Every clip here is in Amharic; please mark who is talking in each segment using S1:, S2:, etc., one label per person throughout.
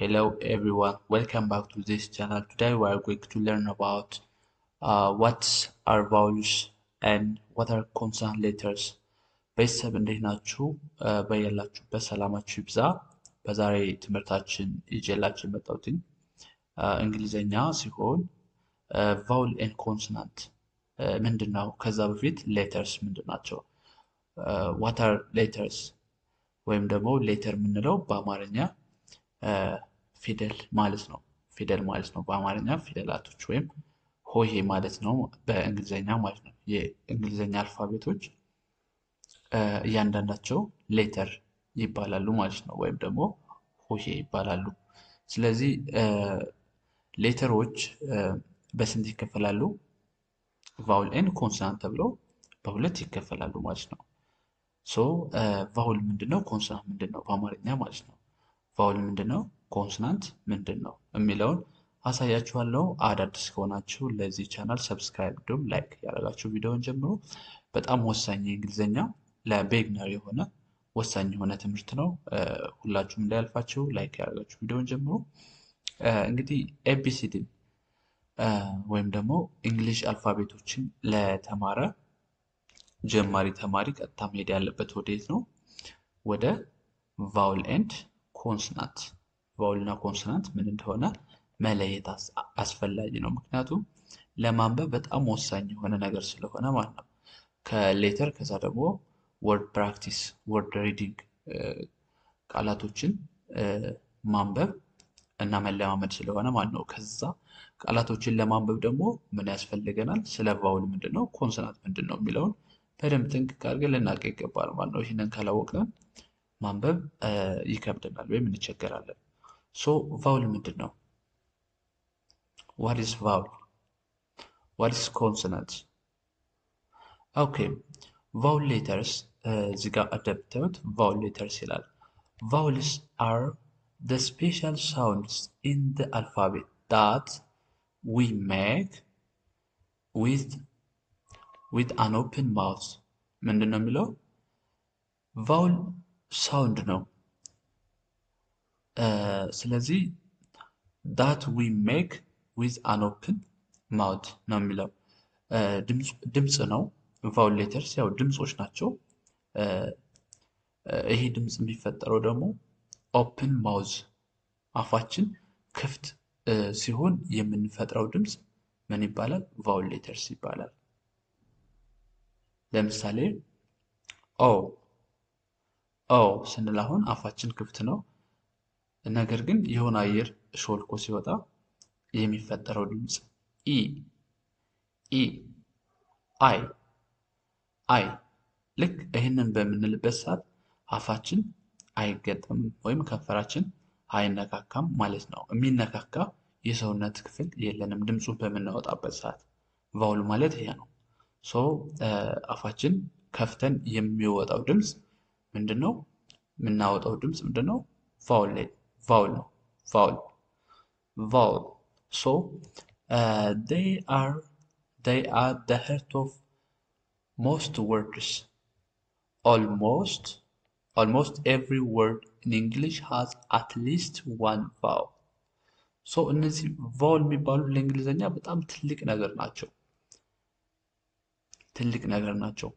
S1: hello everyone welcome back to this channel today we are going to learn about uh, what are vowels and what are consonant letters ቤተሰብ እንዴት ናችሁ በያላችሁበት ሰላማችሁ ይብዛ በዛሬ ትምህርታችን ይዤላችሁ የመጣሁትን እንግሊዘኛ ሲሆን ቫውል ኤንድ ኮንሶናንት ምንድን ነው ከዛ በፊት ሌተርስ ምንድን ናቸው ዋት አር ሌተርስ ወይም ደግሞ ሌተር የምንለው በአማርኛ ፊደል ማለት ነው። ፊደል ማለት ነው በአማርኛ ፊደላቶች ወይም ሆሄ ማለት ነው በእንግሊዝኛ ማለት ነው። የእንግሊዝኛ አልፋቤቶች እያንዳንዳቸው ሌተር ይባላሉ ማለት ነው፣ ወይም ደግሞ ሆሄ ይባላሉ። ስለዚህ ሌተሮች በስንት ይከፈላሉ? ቫውል ኤን ኮንሶናንት ተብለው በሁለት ይከፈላሉ ማለት ነው። ሶ ቫውል ምንድን ነው? ኮንሶናንት ምንድን ነው? በአማርኛ ማለት ነው። ቫውል ምንድን ነው? ኮንስናንት ምንድን ነው የሚለውን አሳያችኋለሁ። አዳዲስ ከሆናችሁ ለዚህ ቻናል ሰብስክራይብ ዱም ላይክ ያደረጋችሁ ቪዲዮውን ጀምሮ በጣም ወሳኝ የእንግሊዝኛ ለቤግነር የሆነ ወሳኝ የሆነ ትምህርት ነው። ሁላችሁም እንዳያልፋችሁ ላይክ ያደረጋችሁ ቪዲዮውን ጀምሮ እንግዲህ ኤቢሲዲን ወይም ደግሞ እንግሊሽ አልፋቤቶችን ለተማረ ጀማሪ ተማሪ ቀጥታ መሄድ ያለበት ወዴት ነው? ወደ ቫውል ኤንድ ኮንስናንት ቫውልና ኮንሶናንት ምን እንደሆነ መለየት አስፈላጊ ነው። ምክንያቱም ለማንበብ በጣም ወሳኝ የሆነ ነገር ስለሆነ ማለት ነው። ከሌተር ከዛ ደግሞ ወርድ ፕራክቲስ ወርድ ሪዲንግ ቃላቶችን ማንበብ እና መለማመድ ስለሆነ ማለት ነው። ከዛ ቃላቶችን ለማንበብ ደግሞ ምን ያስፈልገናል? ስለ ቫውል ምንድን ነው፣ ኮንሶናንት ምንድን ነው የሚለውን በደንብ ጥንቅቅ አድርገን ልናውቅ ይገባል ማለት ነው። ይህንን ካላወቅን ማንበብ ይከብደናል ወይም እንቸገራለን። So vowel means no. What is vowel? What is consonant? Okay, vowel letters uh, Ziga adapted vowel ቫውል ሌተርስ Vowels are the special sounds in the alphabet that we make with with an open mouth ምንድን no የሚለው ቫውል ሳውንድ ስለዚህ ዳት ዊ ሜክ ዊዝ ኦፕን ማውት ነው የሚለው ድምፅ ነው። ቫውል ሌተርስ ያው ድምፆች ናቸው። ይሄ ድምፅ የሚፈጠረው ደግሞ ኦፕን ማውዝ አፋችን ክፍት ሲሆን የምንፈጥረው ድምፅ ምን ይባላል? ቫውል ሌተርስ ይባላል። ለምሳሌ ኦ ኦ ስንል አሁን አፋችን ክፍት ነው። ነገር ግን የሆነ አየር ሾልኮ ሲወጣ የሚፈጠረው ድምፅ ኢ ኢ አይ አይ። ልክ ይህንን በምንልበት ሰዓት አፋችን አይገጠምም ወይም ከንፈራችን አይነካካም ማለት ነው። የሚነካካ የሰውነት ክፍል የለንም ድምፁን በምናወጣበት ሰዓት። ቫውል ማለት ይሄ ነው። ሶ አፋችን ከፍተን የሚወጣው ድምፅ ምንድነው? የምናወጣው ድምፅ ምንድነው? ቫውል ላይ vowel vowel vowel so uh, they are they are the heart of most words almost almost every word in english has at least one vowel so እነዚህ ቫውል የሚባሉ ለእንግሊዝኛ በጣም ትልቅ ነገር ናቸው። ትልቅ ነገር ናቸው።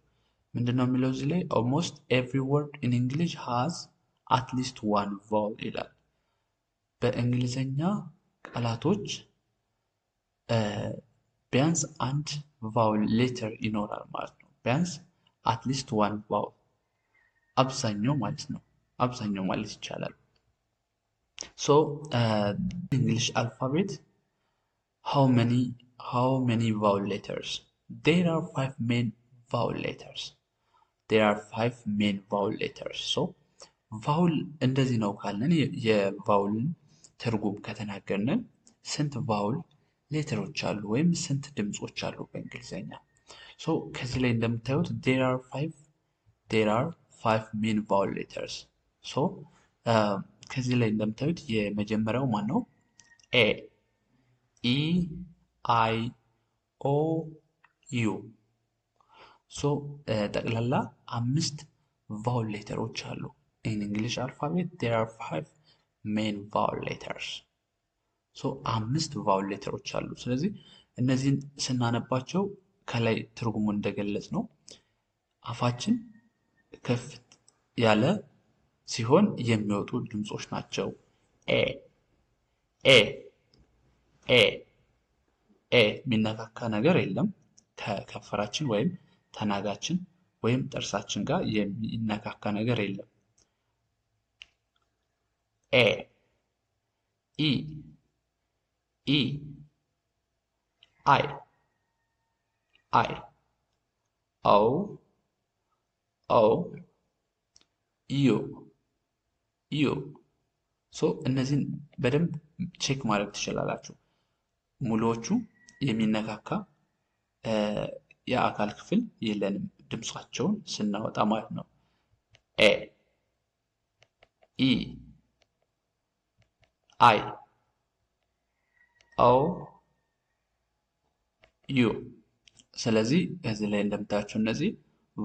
S1: ምንድነው የሚለው እዚህ ላይ every word in English has at least one vowel ይላል። በእንግሊዘኛ ቃላቶች ቢያንስ አንድ ቫውል ሌተር ይኖራል ማለት ነው። ቢያንስ አትሊስት ዋን ቫውል አብዛኛው ማለት ነው። አብዛኛው ማለት ይቻላል። ሶ እንግሊሽ አልፋቤት ሃው መኒ ሃው መኒ ቫውል ሌተርስ ዴር አር ፋይቭ ሜን ቫውል ሌተርስ ዴር አር ፋይቭ ሜን ቫውል ሌተርስ ሶ ቫውል እንደዚህ ነው ካለን የቫውልን ትርጉም ከተናገርን ስንት ቫውል ሌተሮች አሉ ወይም ስንት ድምፆች አሉ በእንግሊዝኛ? ከዚህ ላይ እንደምታዩት ዴር አር ፋይቭ ሜን ቫውል ሌተርስ። ከዚህ ላይ እንደምታዩት የመጀመሪያው ማን ነው? ኤ ኢ አይ ኦ ዩ። ጠቅላላ አምስት ቫውል ሌተሮች አሉ። ኢን እንግሊሽ አልፋቤት ዴር አር ፋይቭ ሜን ቫውል ሌተርስ አምስት ቫውል ሌተሮች አሉ። ስለዚህ እነዚህን ስናነባቸው ከላይ ትርጉሙን እንደገለጽ ነው አፋችን ከፍት ያለ ሲሆን የሚወጡ ድምፆች ናቸው። ኤ ኤ ኤ ኤ የሚነካካ ነገር የለም ከከንፈራችን ወይም ተናጋችን ወይም ጥርሳችን ጋር የሚነካካ ነገር የለም። e, i, i, i, i, o, o, ዩ ዩ ሶ እነዚህን በደንብ ቼክ ማድረግ ትችላላችሁ። ሙሉዎቹ የሚነካካ የአካል ክፍል የለንም ድምፃቸውን ስናወጣ ማለት ነው። ኤ ኢ አይ ኦ ዩ። ስለዚህ እዚህ ላይ እንደምታያቸው እነዚህ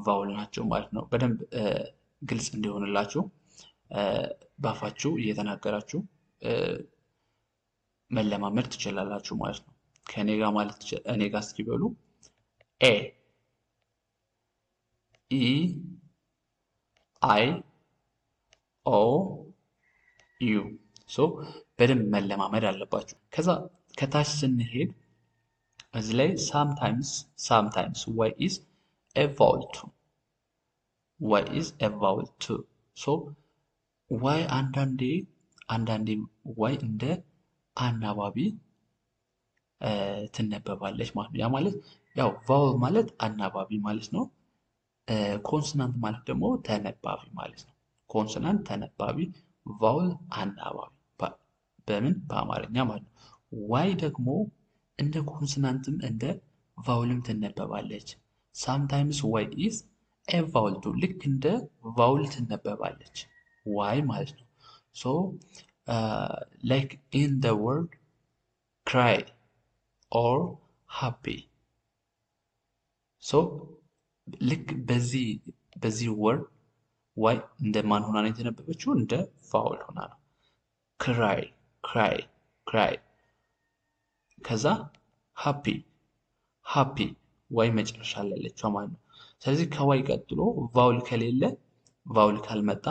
S1: ቫውል ናቸው ማለት ነው። በደንብ ግልጽ እንዲሆንላችሁ ባፋችሁ እየተናገራችሁ መለማመድ ትችላላችሁ ማለት ነው። ከእኔ ጋር ማለት እኔ ጋር እስኪ ኤ ኢ አይ ኦ ዩ በደንብ መለማመድ አለባችሁ። ከዛ ከታች ስንሄድ እዚህ ላይ ሳምታይምስ ሳምታይምስ ዋይ ኢዝ ኤ ቫውል ቱ ዋይ ኢዝ ኤ ቫውል ቱ ሶ ዋይ አንዳንዴ አንዳንዴ ዋይ እንደ አናባቢ ትነበባለች ማለት ነው። ያ ማለት ያው ቫውል ማለት አናባቢ ማለት ነው። ኮንስናንት ማለት ደግሞ ተነባቢ ማለት ነው። ኮንስናንት ተነባቢ፣ ቫውል አናባቢ በምን በአማርኛ ማለት ነው። ዋይ ደግሞ እንደ ኮንስናንትም እንደ ቫውልም ትነበባለች። ሳምታይምስ ዋይ ኢዝ ኤ ቫውል ቱ ልክ እንደ ቫውል ትነበባለች ዋይ ማለት ነው። ሶ ላይክ ኢን ደ ወርድ ክራይ ኦር ሃፒ ሶ ልክ በዚህ በዚህ ወርድ ዋይ እንደ ማን ሆና ነው የተነበበችው? እንደ ቫውል ሆና ነው ክራይ ክራይ ክራይ ከዛ ሃፒ ሃፒ ዋይ መጨረሻ ላለችው ማለት ነው። ስለዚህ ከዋይ ቀጥሎ ቫውል ከሌለ ቫውል ካልመጣ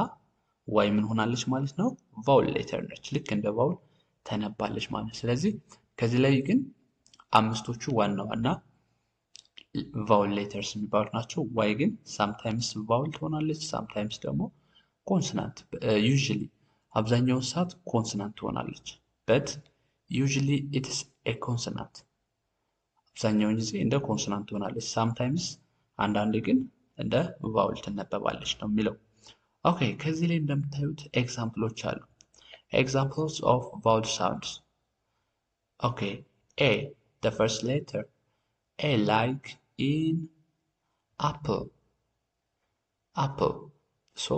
S1: ዋይ ምን ሆናለች ማለት ነው? ቫውል ሌተር ነች። ልክ እንደ ቫውል ተነባለች ማለት ነው። ስለዚህ ከዚህ ላይ ግን አምስቶቹ ዋና ዋና ቫውል ሌተርስ የሚባሉት ናቸው። ዋይ ግን ሳምታይምስ ቫውል ትሆናለች፣ ሳምታይምስ ደግሞ ኮንስናንት ዩዥሊ uh, አብዛኛውን ሰዓት ኮንስናንት ትሆናለች። በት ዩዥሊ ኢትስ ኤ ኮንስናንት አብዛኛውን ጊዜ እንደ ኮንስናንት ትሆናለች። ሳምታይምስ አንዳንዴ ግን እንደ ቫውል ትነበባለች ነው የሚለው። ኦኬ ከዚህ ላይ እንደምታዩት ኤግዛምፕሎች አሉ። ኤግዛምፕልስ ኦፍ ቫውል ሳውንድስ ኦኬ ኤ ደ ፈርስት ሌተር ኤ ላይክ ኢን አፕል አፕል ሶ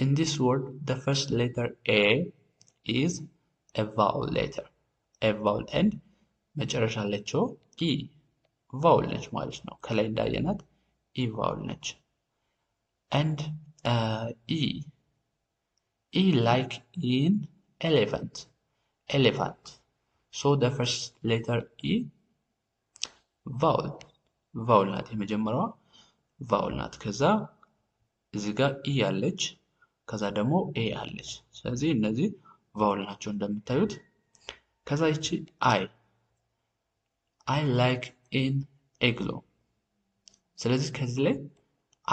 S1: in this word, the first letter A is a vowel letter. A vowel end መጨረሻ አለችው ኢ ቫውል ነች ማለት ነው። ከላይ እንዳየናት ኢ ቫውል ነች። ኤንድ ኢ ኢ ላይክ ኢን ኤሌፋንት ኤሌፋንት ሶ ደ ፈርስት ሌተር ኢ ቫውል ቫውል ናት። የመጀመሪያዋ ቫውል ናት። ከዛ እዚህ ጋር ኢ ያለች ከዛ ደግሞ ኤ አለች። ስለዚህ እነዚህ ቫውል ናቸው እንደምታዩት። ከዛ ይቺ አይ አይ ላይክ ኢን ኤግሎ። ስለዚህ ከዚህ ላይ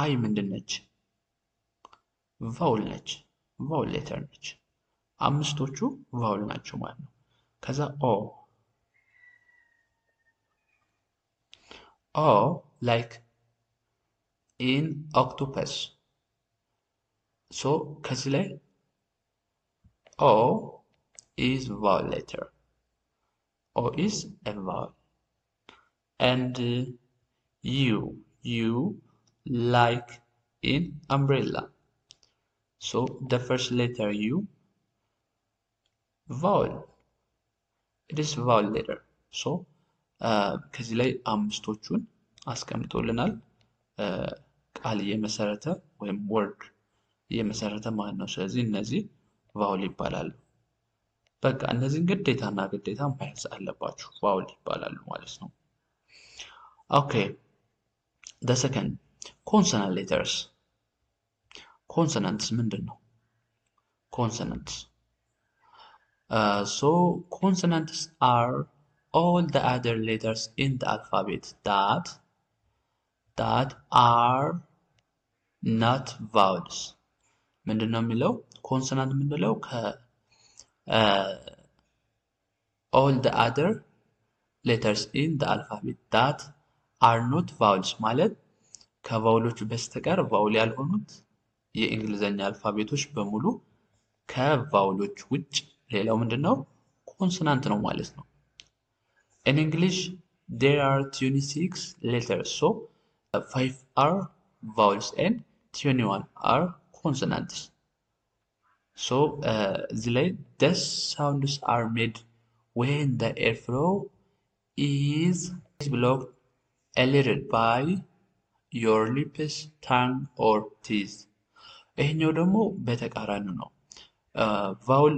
S1: አይ ምንድን ነች? ቫውል ነች። ቫውል ሌተር ነች። አምስቶቹ ቫውል ናቸው ማለት ነው። ከዛ ኦ ኦ ላይክ ኢን ኦክቶፐስ ሶ ከዚህ ላይ ኦ ኢዝ ቫውል ሌተር ኦ ኢዝ ኤ ቫውል ኤንድ ዩ ዩ ላይክ ኢን አምብሬላ ሶ ደ ፈርስት ሌተር ዩ ቫውል ኢት ኢዝ ቫውል ሌተር ሶ ከዚህ ላይ አምስቶቹን አስቀምጦልናል ቃል እየመሰረተ ወይም ወርድ የመሰረተ ማለት ነው። ስለዚህ እነዚህ ቫውል ይባላሉ። በቃ እነዚህን ግዴታና ግዴታ መያዝ አለባችሁ። ቫውል ይባላሉ ማለት ነው። ኦኬ ደ ሰከንድ ኮንሶናንት ሌተርስ። ኮንሰናንትስ ምንድን ነው? ኮንሰናንትስ ሶ ኮንሰናንትስ አር ኦል ደ አደር ሌተርስ ኢን ደ አልፋቤት ዳት ዳት አር ናት ቫውልስ ምንድን ነው የሚለው ኮንሶናንት የምንለው ከኦል ደ አደር ሌተርስ ኢን ደ አልፋቤት ዳት አር ኖት ቫውልስ ማለት ከቫውሎቹ በስተቀር ቫውል ያልሆኑት የእንግሊዝኛ አልፋቤቶች በሙሉ ከቫውሎች ውጭ ሌላው ምንድን ነው ኮንሶናንት ነው ማለት ነው። ኢን እንግሊሽ ዴር አር ትዌንቲ ሲክስ ሌተርስ ሶ ፋይቭ አር ቫውልስ ኤንድ ትዌንቲ ዋን አር ኮንሶናንትስ ሶ እዚህ ላይ ደስ ሳውንድስ አር ሜድ ዌን ደ ኤርፍሎ ኢዝ ብሎክድ ኤሊድድ ባይ ዮር ሊፕስ ታንግ ኦር ቲዝ። ይሄኛው ደግሞ በተቃራኒ ነው። ቫውል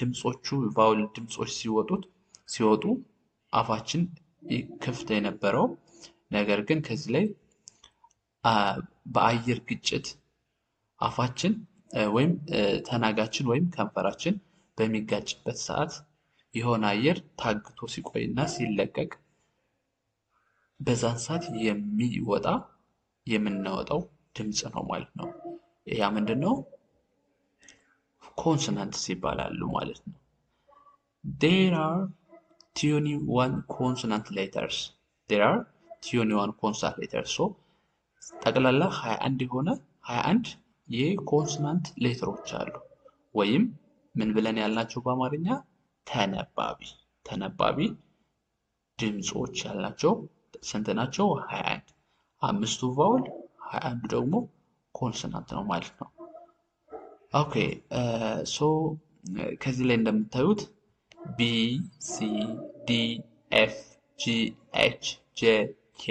S1: ድምፆቹ ቫውል ድምፆች ሲወጡት ሲወጡ አፋችን ክፍት የነበረው ነገር ግን ከዚህ ላይ በአየር ግጭት አፋችን ወይም ተናጋችን ወይም ከንፈራችን በሚጋጭበት ሰዓት የሆነ አየር ታግቶ ሲቆይና ሲለቀቅ በዛን ሰዓት የሚወጣ የምናወጣው ድምፅ ነው ማለት ነው። ያ ምንድን ነው? ኮንሶናንትስ ይባላሉ ማለት ነው። ዴር አር ቲዩኒ ዋን ኮንሶናንት ሌተርስ ዴር አር ቲዩኒ ዋን ኮንሶናንት ሌተርስ። ሶ ጠቅላላ 21 የሆነ 21 የኮንሶናንት ሌተሮች አሉ ወይም ምን ብለን ያልናቸው በአማርኛ ተነባቢ ተነባቢ ድምፆች ያላቸው ስንት ናቸው? 21 አምስቱ ቫውል 21 ደግሞ ኮንሶናንት ነው ማለት ነው። ኦኬ ሶ ከዚህ ላይ እንደምታዩት ቢ ሲ ዲ ኤፍ ጂ ኤች ጄ ኬ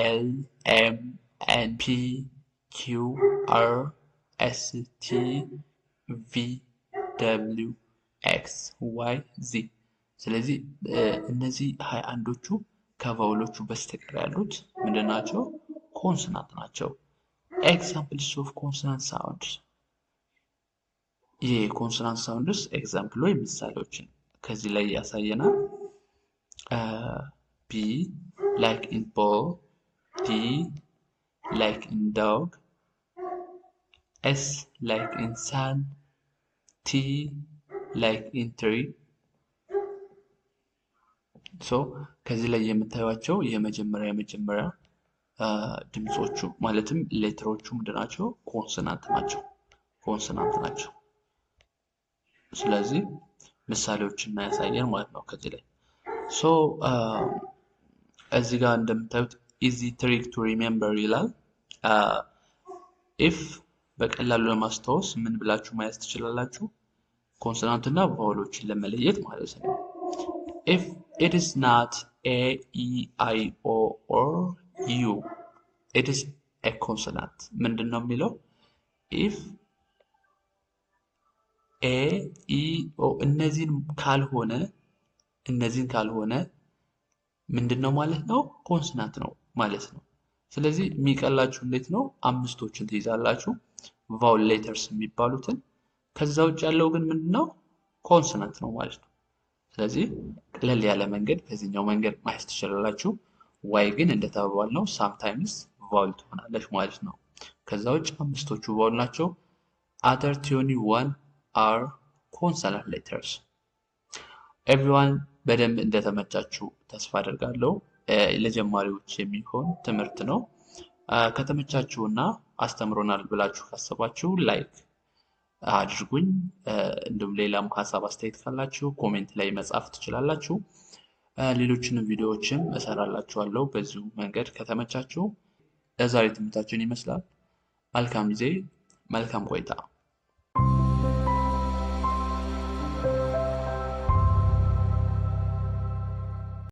S1: ኤል ኤም ኤን ፒ ኪው አር ኤስቲ ቪ ደብሊው ኤክስ ዋይ ዚ። ስለዚህ እነዚህ ሀያ አንዶቹ ከቫውሎቹ በስተቀር ያሉት ምንድን ናቸው? ኮንስናንት ናቸው። ኤግዛምፕልስ ኦፍ ኮንስናንት ሳውንድስ። ይህ ኮንስናንት ሳውንድስ ኤግዛምፕል ወይ ምሳሌዎችን ከዚህ ላይ ያሳየናል። ቢ ላይክ ኢን ቦል፣ ዲ ላይክ ኢን ዶግ S like in sun, T like in tree ሶ ከዚህ ላይ የምታዩቸው የመጀመሪያ የመጀመሪያ ድምፆቹ ማለትም ሌትሮቹ ምንድን ናቸው? ኮንስናንት ናቸው ኮንስናንት ናቸው። ስለዚህ ምሳሌዎችን ያሳየን ማለት ነው ከዚህ ላይ ሶ እዚህ ጋር እንደምታዩት ኢዚ ትሪክ ቱ ሪሜምበር ይላል ኢፍ በቀላሉ ለማስታወስ ምን ብላችሁ ማየት ትችላላችሁ? ኮንሶናንት እና ቫውሎችን ለመለየት ማለት ነው። ኢፍ ኢት ኢዝ ናት ኤ ኢ አይ ኦ ኦር ዩ ኢት ኢዝ ኤ ኮንሶናንት ምንድን ነው የሚለው? ኢፍ ኤ ኢ ኦ እነዚህን ካልሆነ እነዚህን ካልሆነ ምንድን ነው ማለት ነው? ኮንሶናንት ነው ማለት ነው። ስለዚህ የሚቀላችሁ እንዴት ነው? አምስቶችን ትይዛላችሁ ቫውል ሌተርስ የሚባሉትን። ከዛ ውጭ ያለው ግን ምንድነው? ኮንሶናንት ነው ማለት ነው። ስለዚህ ቅለል ያለ መንገድ በዚህኛው መንገድ ማየት ትችላላችሁ። ዋይ ግን እንደተባባል ነው ሳምታይምስ ቫውል ትሆናለች ማለት ነው። ከዛ ውጭ አምስቶቹ ቫውል ናቸው። አተር ቲዮኒ ዋን አር ኮንሰናንት ሌተርስ። ኤቭሪዋን በደንብ እንደተመቻችሁ ተስፋ አድርጋለሁ። ለጀማሪዎች የሚሆን ትምህርት ነው። ከተመቻችሁ እና አስተምሮናል ብላችሁ ካሰባችሁ ላይክ አድርጉኝ። እንዲሁም ሌላም ሀሳብ አስተያየት ካላችሁ ኮሜንት ላይ መጻፍ ትችላላችሁ። ሌሎችንም ቪዲዮዎችም እሰራላችኋለሁ በዚሁ መንገድ ከተመቻችሁ። ለዛሬ ትምህርታችን ይመስላል። መልካም ጊዜ፣ መልካም ቆይታ